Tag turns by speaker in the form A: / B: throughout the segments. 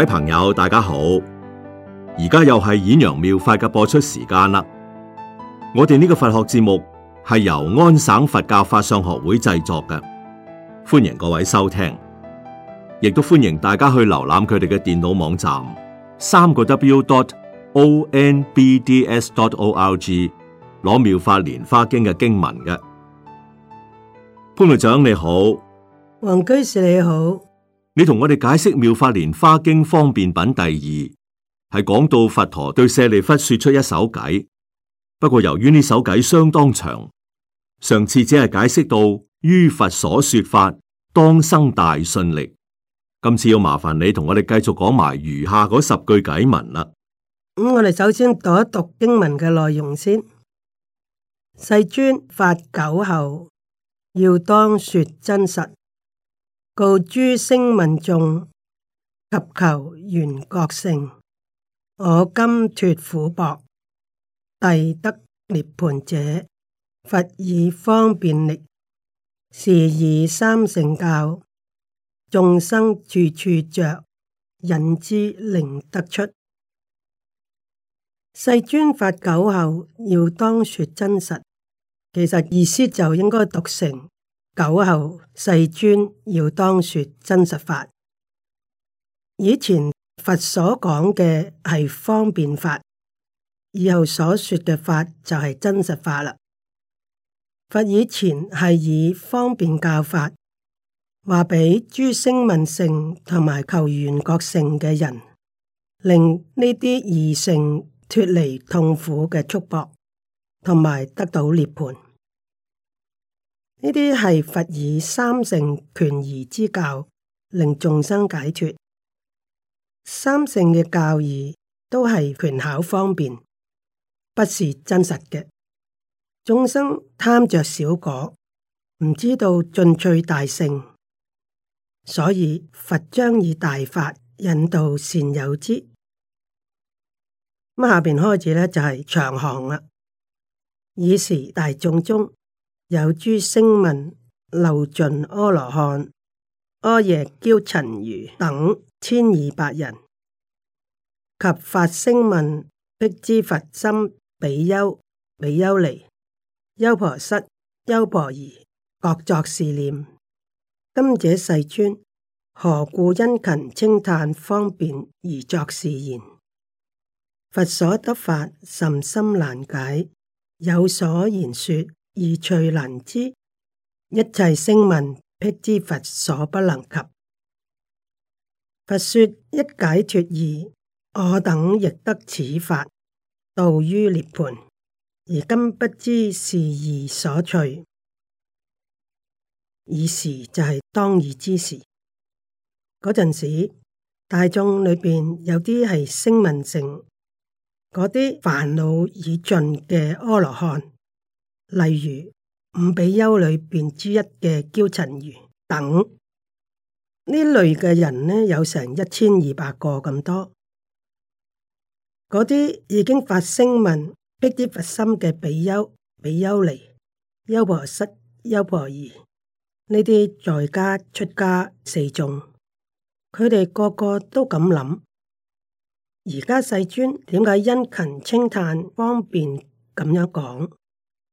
A: 各位朋友，大家好！而家又係《顯揚妙法》嘅播出時間啦。我哋呢個佛學節目係由安省佛教法相學會製作嘅，歡迎各位收聽，亦都歡迎大家去瀏覽佢哋嘅電腦網站三個 w.dot.o.n.b.d.s.dot.o.l.g 攞妙法蓮華經嘅經文嘅。潘律長你好，
B: 黃居士你好。
A: 你同我哋解釋《妙法蓮華經》方便品第二，係講到佛陀對舍利弗說出一首偈。不過由於呢首偈相當長，上次只係解釋到於佛所說法，當生大信力。今次要麻煩你同我哋繼續講埋餘下嗰十句偈文啦。
B: 咁、嗯、我哋首先讀一讀經文嘅內容先。世尊法久後，要當說真實。告諸聲聞眾及求緣覺乘，我今脫苦縛，逮得涅槃者，佛以方便力，示以三乘教，眾生處處着，引之令得出。世尊法久後，要當說真實。其實意思就應該讀成。九後世尊要當說真實法，以前佛所講嘅係方便法，以後所說嘅法就係真實法啦。佛以前係以方便教法，話俾諸聲聞乘同埋求緣覺乘嘅人，令呢啲二乘脫離痛苦嘅束縛，同埋得到涅槃。呢啲係佛以三乘權宜之教令眾生解脫，三乘嘅教義都係權巧方便，不是真實嘅。眾生貪著小果，唔知道進趣大乘，所以佛將以大法引導善友之。咁下邊開始咧就係長行啦，以時大眾中。有諸聲聞，漏盡阿羅漢，阿若憍陳如等千二百人，及發聲聞，辟支佛心比丘、比丘尼、優婆塞、優婆夷，各作是念：今者世尊何故殷勤稱讚方便而作是言？佛所得法甚深難解，有所言說。易趣難知，一切聲聞辟支佛所不能及。佛說一解脱義，我等亦得此法到於涅槃。而今不知是義所趣，義是就係當義之時嗰陣時，大眾裏邊有啲係聲聞性，嗰啲煩惱已盡嘅阿羅漢。例如五比丘裏邊之一嘅憍陳如等呢類嘅人呢，有成一千二百個咁多。嗰啲已經發聲聞，辟支佛心嘅比丘、比丘尼、優婆塞、優婆夷呢啲在家出家四眾，佢哋個個都咁諗。而家世尊點解殷勤稱歎方便咁樣講？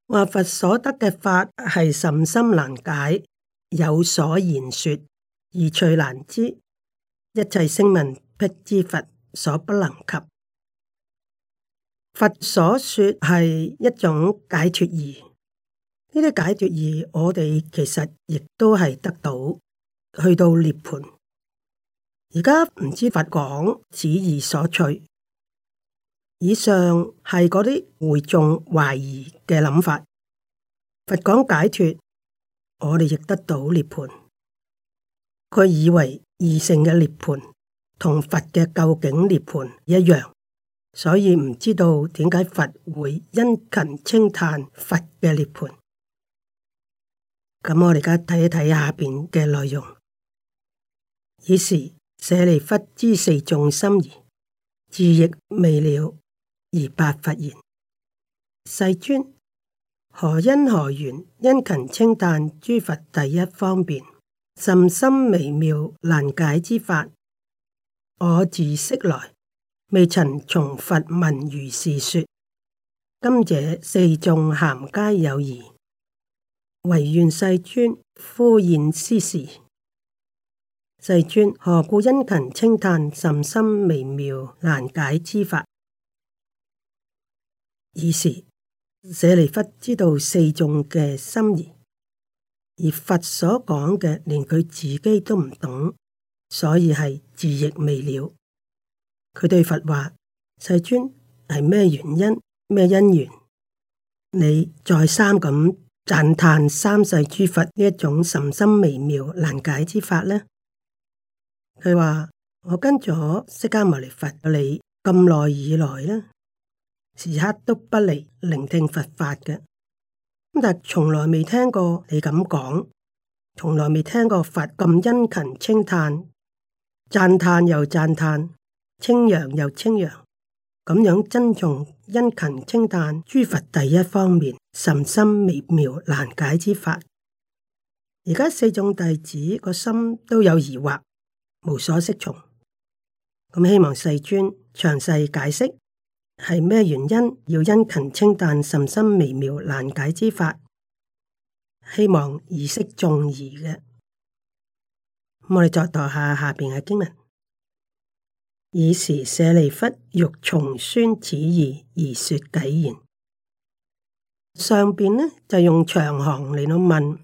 B: 話佛所得嘅法係甚深難解，有所言說而趣難知，一切聲聞辟支佛所不能及。佛所說係一種解脫義，呢啲解脫義我哋其實亦都係得到，去到涅槃。而家唔知佛講此義所趣。以上係嗰啲會眾懷疑嘅諗法。佛講解脫，我哋亦得到涅盤。佢以為二乘嘅涅盤同佛嘅究竟涅盤一樣，所以唔知道點解佛會殷勤稱歎佛嘅涅盤。咁我哋而家睇一睇下邊嘅內容。於是舍利弗知四眾心疑，自亦未了。而白佛言：世尊，何因何緣？殷勤稱歎，諸佛第一方便，甚深微妙難解之法，我自昔來，未曾從佛聞如是說。今者四眾咸皆有疑，惟願世尊敷演斯事。世尊，何故殷勤稱歎，甚深微妙難解之法？以是舍利弗知道四眾嘅心意，而佛所講嘅連佢自己都唔懂，所以係字亦未了。佢對佛話：世尊，係咩原因咩因緣？你再三咁讚嘆,嘆三世諸佛呢一種甚深微妙難解之法呢？佢話：我跟咗釋迦牟尼佛你咁耐以來啦。時刻都不離聆聽佛法嘅，但係從來未聽過你咁講，從來未聽過佛咁殷勤稱讚、讚歎又讚歎、稱揚又稱揚，咁樣尊重殷勤稱讚諸佛第一方面甚深微妙難解之法。而家四種弟子個心都有疑惑，無所適從，咁希望世尊詳細解釋。係咩原因？要殷勤稱歎、甚深微妙難解之法，希望以釋眾疑嘅。我哋再讀下下邊嘅經文。爾時舍利弗欲重宣此義而說偈言：上邊呢就用長行嚟到問，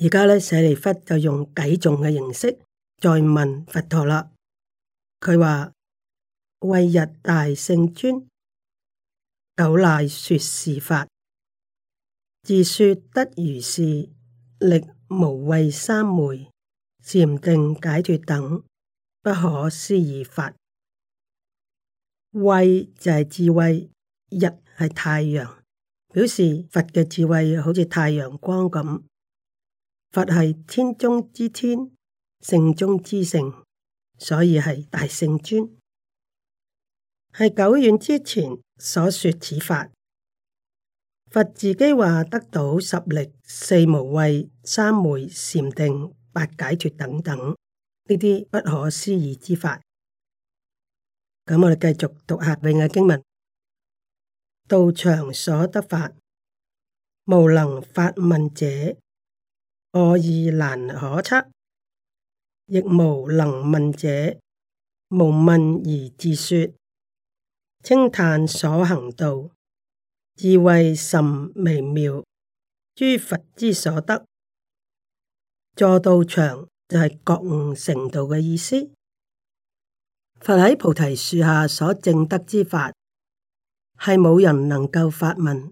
B: 而家呢舍利弗就用偈頌嘅形式再問佛陀啦。佢話。慧日大聖尊，久乃說是法，自說得如是力無畏三昧、禪定解脫等不可思議法。慧就係智慧，日係太陽，表示佛嘅智慧好似太陽光咁。佛係天中之天，聖中之聖，所以係大聖尊。係久遠之前所說此法，佛自己話得到十力、四無畏、三昧、禪定、八解脱等等呢啲不可思議之法。咁我哋繼續讀下永嘅經文，道場所得法，無能發問者，我意難可測；亦無能問者，無問而自說。稱嘆所行道，智慧甚微妙。諸佛之所得，坐道場就係覺悟成道嘅意思。佛喺菩提樹下所證得之法，係冇人能夠發問，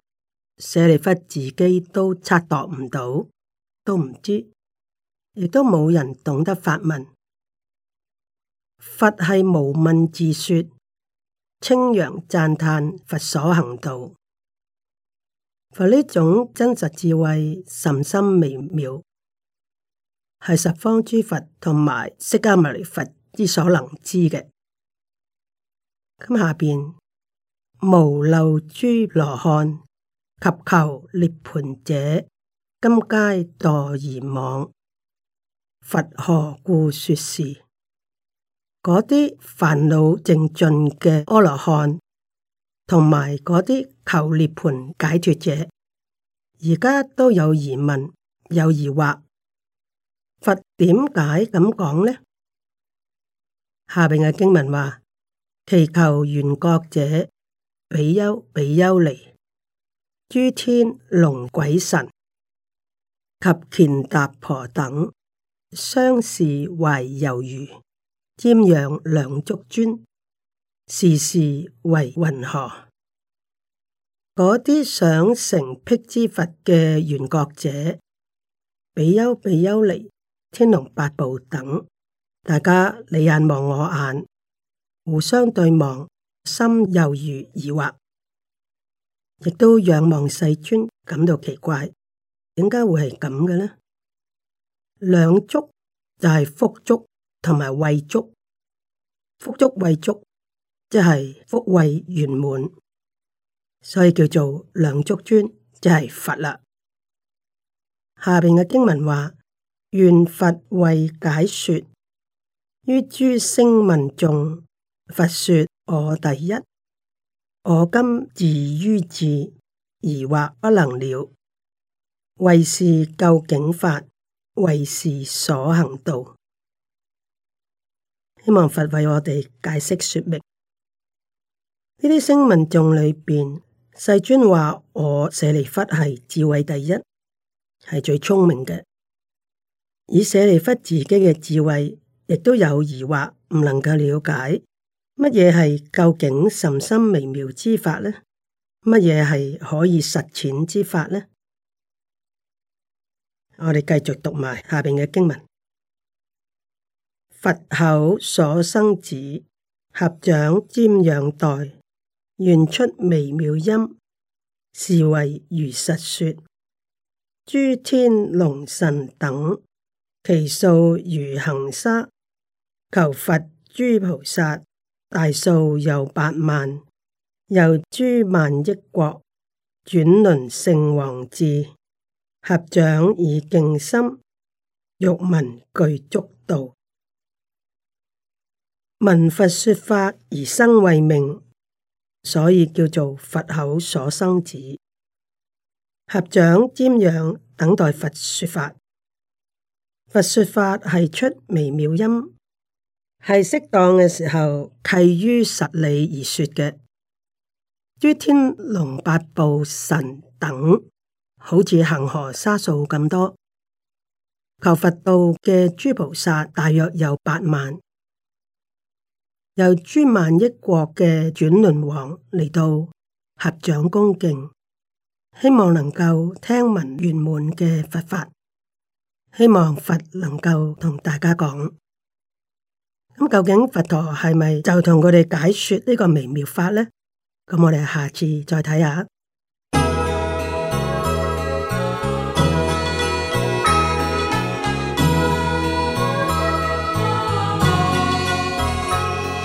B: 舍利弗自己都察覺唔到，都唔知，亦都冇人懂得發問。佛係無問自說。稱揚讚歎佛所行道，佛呢種真實智慧甚深微妙，係十方諸佛同埋釋迦牟尼佛之所能知嘅。咁下邊無漏諸羅漢及求涅槃者，今皆墮疑網。佛何故說是？嗰啲煩惱正盡嘅阿羅漢，同埋嗰啲求涅槃解脱者，而家都有疑問，有疑惑，佛點解咁講呢？下邊嘅經文話：祈求緣覺者，比丘、比丘尼、諸天龍鬼神及乾闥婆等，相視懷猶豫。瞻仰兩足尊，時時為云何？嗰啲想成辟支佛嘅緣覺者，比丘、比丘尼、天龍八部等，大家你眼望我眼，互相對望，心猶如疑惑，亦都仰望世尊，感到奇怪，點解會係咁嘅呢？兩足就係福足。同埋慧足，福足慧足，即係福慧圓滿，所以叫做兩足尊，即係佛啦。下邊嘅經文話：願佛為解說，於諸聲聞眾，佛說：我第一，我今自於智疑惑不能了，為是究竟法，為是所行道。希望佛為我哋解釋說明呢啲聲聞眾裏邊，世尊話我舍利弗係智慧第一，係最聰明嘅。以舍利弗自己嘅智慧，亦都有疑惑，唔能夠了解乜嘢係究竟甚深微妙之法呢？乜嘢係可以實踐之法呢？我哋繼續讀埋下邊嘅經文。佛口所生子，合掌瞻仰待，願出微妙音，是為如實說。諸天龍神等，其數如恒沙，求佛諸菩薩，大數有八萬，有諸萬億國，轉輪聖王至，合掌以敬心，欲聞具足道。聞佛說法而生慧命，所以叫做佛口所生子。合掌瞻仰，等待佛說法。佛說法係出微妙音，係適當嘅時候，契於實理而說嘅。諸天龍八部神等，好似恒河沙數咁多。求佛道嘅諸菩薩，大約有八萬。由諸萬億國嘅轉輪王嚟到合掌恭敬，希望能夠聽聞圓滿嘅佛法，希望佛能夠同大家講。咁究竟佛陀係咪就同佢哋解說呢個微妙法呢？咁我哋下次再睇下。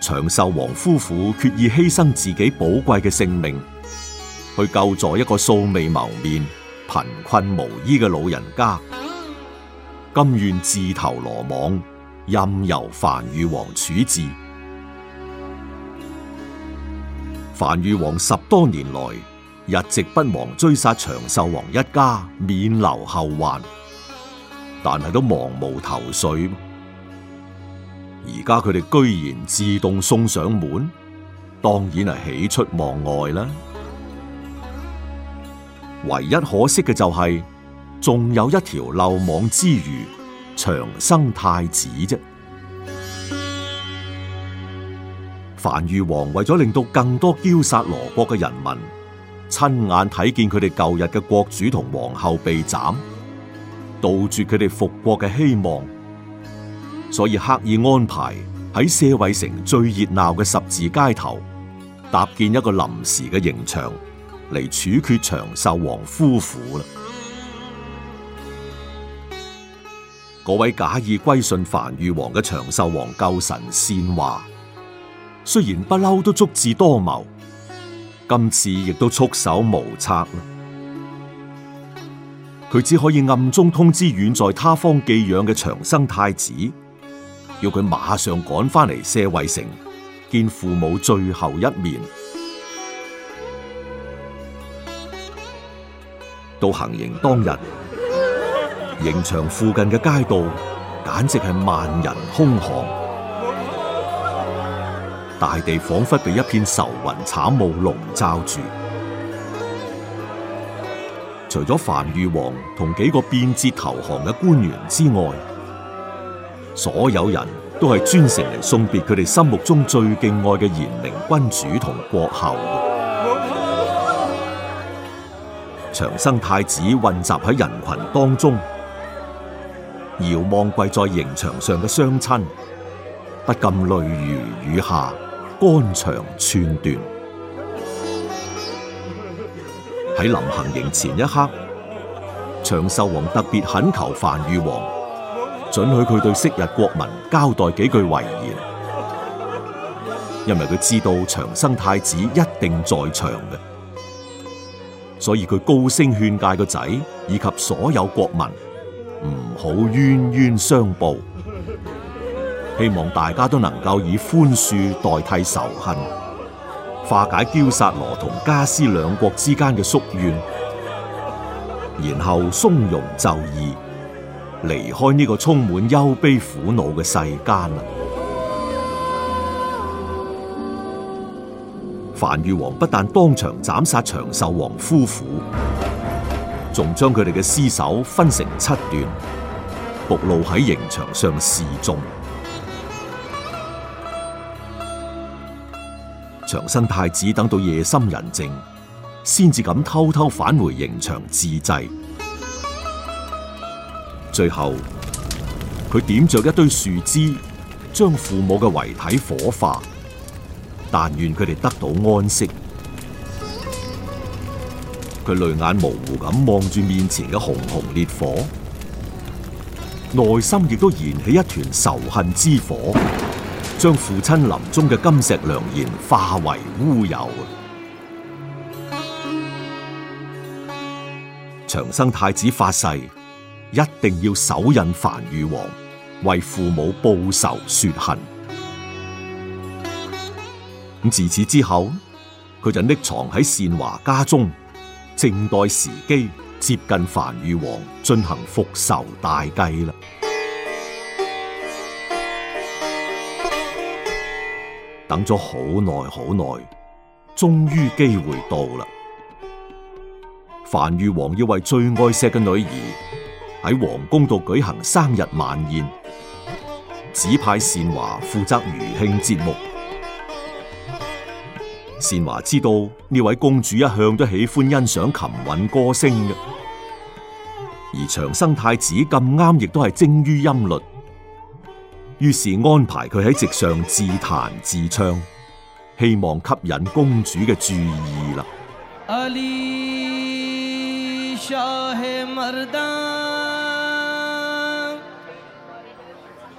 A: 長壽王夫婦決意犧牲自己寶貴嘅性命，去救助一個素未謀面、貧困無依嘅老人家，甘願自投羅網，任由樊宇王處置。樊宇王十多年來一直不忘追殺長壽王一家，免留後患，但係都茫無頭緒。而家佢哋居然自動送上門，當然係喜出望外啦！唯一可惜嘅就係、是，仲有一條漏網之魚——長生太子啫。梵豫王為咗令到更多憍薩羅國嘅人民，親眼睇見佢哋舊日嘅國主同皇后被斬，杜絕佢哋復國嘅希望。所以刻意安排喺舍衛城最熱鬧嘅十字街頭，搭建一個臨時嘅刑場嚟處決長壽王夫婦啦。 位假意歸順梵豫王嘅長壽王救神善話，雖然不嬲都足智多謀，今次亦都束手無策啦。佢只可以暗中通知遠在他方寄養嘅長生太子。要佢馬上趕翻嚟舍衛城，見父母最後一面。 到行刑當日， 刑場附近嘅街道簡直係萬人空巷， 大地仿佛被一片愁雲慘霧籠罩住。 除咗梵豫王同幾個變節投降嘅官員之外，所有人都係專程嚟送別佢哋心目中最敬愛嘅賢明君主同國后。長生太子混雜喺人群當中，遙望跪在刑場上嘅雙親，不禁淚如雨下，肝腸寸斷。喺臨行刑前一刻，長壽王特別懇求范宇王，准許佢對昔日國民交代幾句遺言，因為佢知道長生太子一定在場嘅，所以佢高聲勸誡個仔以及所有國民唔好冤冤相報，希望大家都能夠以寬恕代替仇恨，化解憍薩羅同迦尸兩國之間嘅宿怨，然後從容就義。離開呢個充滿憂悲苦惱嘅世間啦！梵豫王不但當場斬殺長壽王夫婦，仲將佢哋嘅屍首分成七段，暴露喺刑場上示眾。長生太子等到夜深人靜，先至敢偷偷返回刑場自祭。最後，佢點着一堆樹枝，將父母嘅遺體火化，但願佢哋得到安息。佢淚眼模糊咁望住面前嘅熊熊烈火，內心亦都燃起一團仇恨之火，將父親臨終嘅金石良言化為烏有。長生太子發誓。一定要手刃樊宇皇，為父母報仇雪恨。咁自此之後，佢就匿藏喺善華家中，正待時機接近樊宇皇，進行復仇大計啦。等咗好耐，好耐，終於機會到啦！樊宇皇要為最愛錫嘅女兒。喺皇宮度舉行生日晚宴，指派善華負責餘興節目。善華知道呢位公主一向都喜歡欣賞琴韻歌聲嘅，而長生太子咁啱亦都係精於音律，於是安排佢喺席上自彈自唱，希望吸引公主嘅注意啦。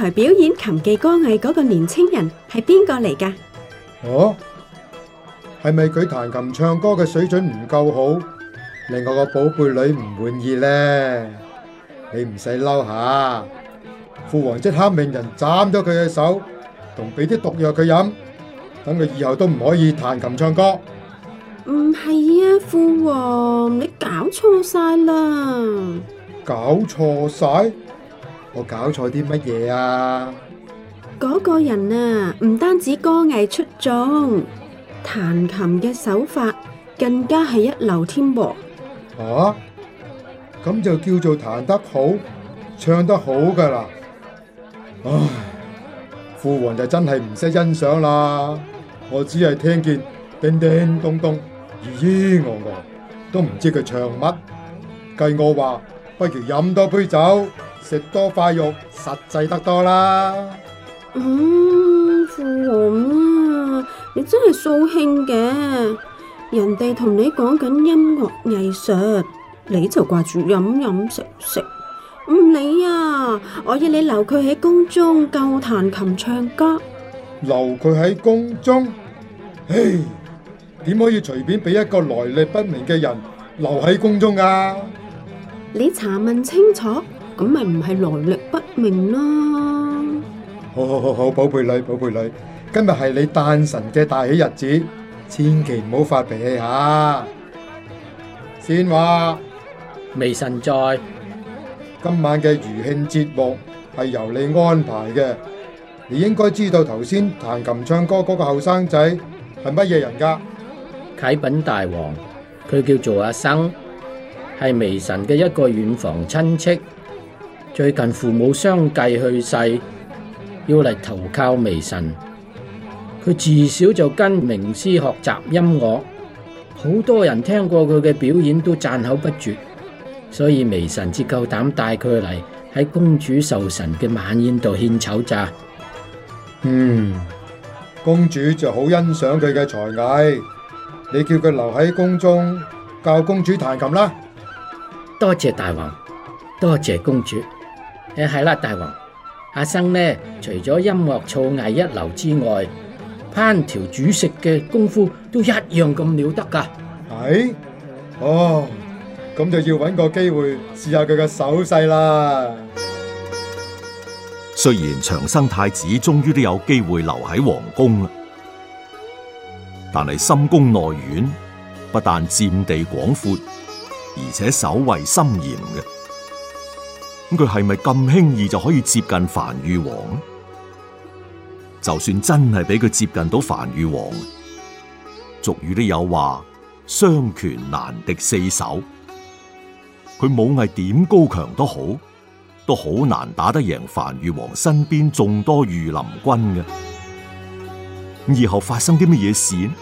C: 台表演琴技歌藝嗰個年青人係邊個嚟噶？哦，係咪佢彈琴唱歌嘅水準唔夠好，令我個寶貝女唔滿意咧？你唔使嬲吓，父王即刻命人斬咗佢嘅手，同俾啲毒藥佢飲，等佢以後都唔可以彈琴唱歌。唔係啊，父王，你搞錯晒啦！搞錯晒？我搞錯啲乜嘢啊？
B: 嗰個人啊，唔單止歌藝出眾，彈琴嘅手法更加係一流添噃。
C: 啊！咁、啊、就叫做彈得好，唱得好噶啦。唉，父王就真係唔識欣賞啦。我只係聽見叮叮咚叮咚，咦，咿我我，都唔知佢唱乜。計我話不如飲多杯酒。食多塊肉，實際得多啦。
B: 嗯，父王啊，你真係掃興嘅。人哋同你講緊音樂藝術，你就掛住飲飲食食，唔理啊！我要你留佢喺宮中教我彈琴唱歌。
C: 留佢喺宮中，唉，點可以隨便俾一個來歷不明嘅人留喺宮中啊？
B: 你查問清楚。咁咪唔係來歷不明啦！
C: 好好好好，寶貝女，寶貝女，今日係你誕辰嘅大喜日子，千祈唔好發脾氣吓。先話，微臣在，今晚嘅餘興節目係由你安排嘅，你應該知道頭先彈琴唱歌嗰個後生仔係乜嘢人噶？啟稟大王，佢叫做阿生，係微臣嘅一個遠房親戚。最近父母相繼去世，要嚟投靠微臣。佢自小就跟名師學習音樂，好多人聽過佢嘅表演都讚口不絕。所以微臣至夠膽帶佢嚟喺公主壽辰嘅晚宴度獻醜咋。嗯，公主就好欣賞佢嘅才藝，你叫佢留喺宮中教公主彈琴啦。多謝大王，多謝公主。誒，係啦，大王，阿生呢，除咗音樂造詣，一流之外，烹調煮食嘅功夫都一樣咁了得噶。係，哎，哦，咁就要揾個機會試下佢嘅手勢啦。
A: 雖然長生太子終於都有機會留喺皇宮啦，但係深宮內院不但佔地廣闊，而且守衛深嚴嘅。咁佢係咪咁輕易就可以接近梵豫王呢？就算真係俾佢接近到梵豫王，俗語都有話，雙拳難敵四手。佢武藝點高強都好，都好難打得贏梵豫王身邊眾多御林軍嘅。以後發生啲乜嘢事呢，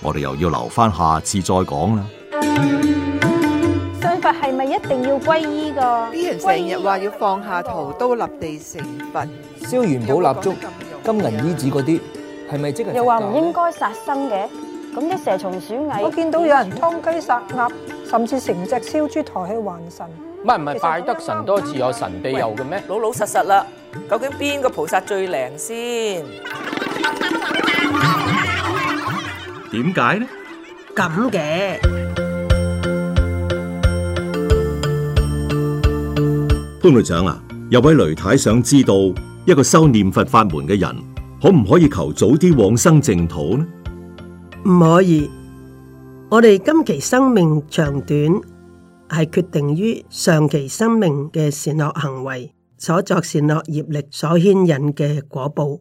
A: 我哋又要留翻下，下次再講啦。係咪一定要皈依噶？呢人成日話要放下屠刀立地成佛，
C: 燒元寶蠟燭、金銀衣紙嗰啲，係咪即係？又話唔應
B: 該殺生嘅，咁啲蛇蟲鼠蟻，我見到有人劏雞殺鴨，甚至成隻燒豬抬去還神。
C: 唔係唔係，拜得神多自有神庇佑嘅咩？老老實實啦，究竟邊個菩薩最靈先？
A: 點解呢？
B: 咁嘅。
A: 潘隊長啊，有位雷太想知道一個修念佛法門嘅人，可唔可以求早啲往生淨土呢？
B: 唔可以。我哋今期生命長短係決定於上期生命嘅善惡行為，所作善惡業力所牽引嘅果報。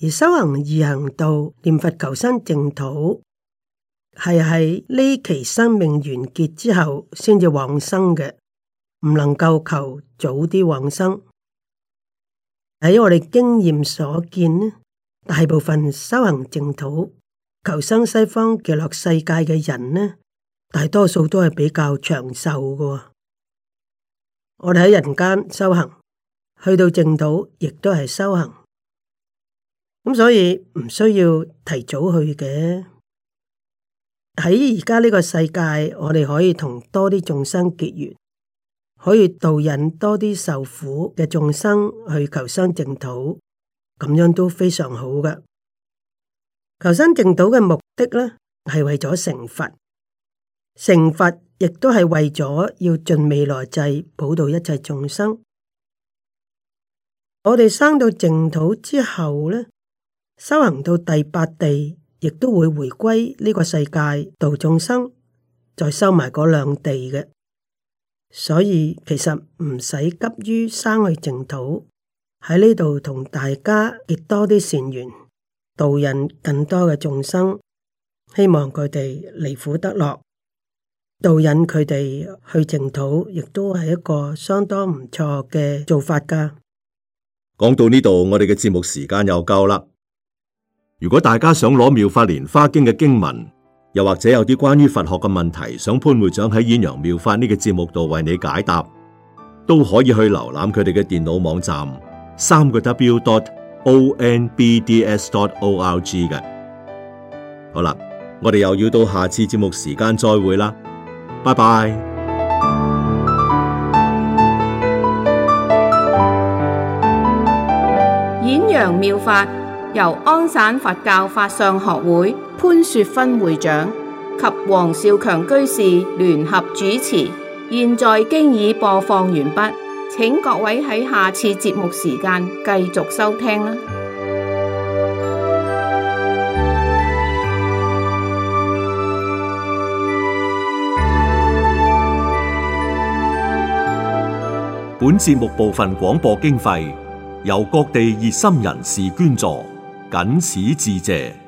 B: 而修行易行道念佛求生淨土，係喺呢期生命完結之後先至往生嘅。唔能夠求，求早啲往生，喺我哋經驗所見呢，大部分修行淨土，求生西方極樂世界嘅人呢，大多數都係比較長壽嘅。我哋喺人間修行，去到淨土亦都係修行，咁所以唔需要提早去嘅。喺而家呢個世界，我哋可以同多啲眾生結緣。可以導引多啲受苦嘅眾生去求生淨土，咁樣都非常好嘅。求生淨土嘅目的咧，係為咗成佛，成佛亦都係為咗要盡未來際普渡一切眾生。我哋生到淨土之後咧，修行到第八地，亦都會回歸呢個世界度眾生，再收埋嗰兩地嘅。所以其實唔使急於生去淨土，喺呢度同大家結多啲善緣，導引更多嘅眾生，希望佢哋離苦得樂，導引佢哋去淨土，亦都係一個相當唔錯嘅做法噶。
A: 講到呢度，我哋嘅節目時間又夠啦。如果大家想攞《妙法蓮花經》嘅經文，又或者有啲關於佛學嘅問題，想潘會長喺《演陽妙法》呢個節目度為你解答，都可以去瀏覽佢哋嘅電腦網站，三個 W dot O N B D S dot O R G 嘅。好啦，我哋又要到下次節目時間再會啦，拜拜。
C: 《演陽妙法》由安省佛教法相學會。潘雪芬會長及黃少強居士聯合主持，現在經已播放完畢，請各位喺下次節目時間
B: 繼續收聽啦。
A: 本節目部分廣播經費由各地熱心人士捐助，謹此致謝。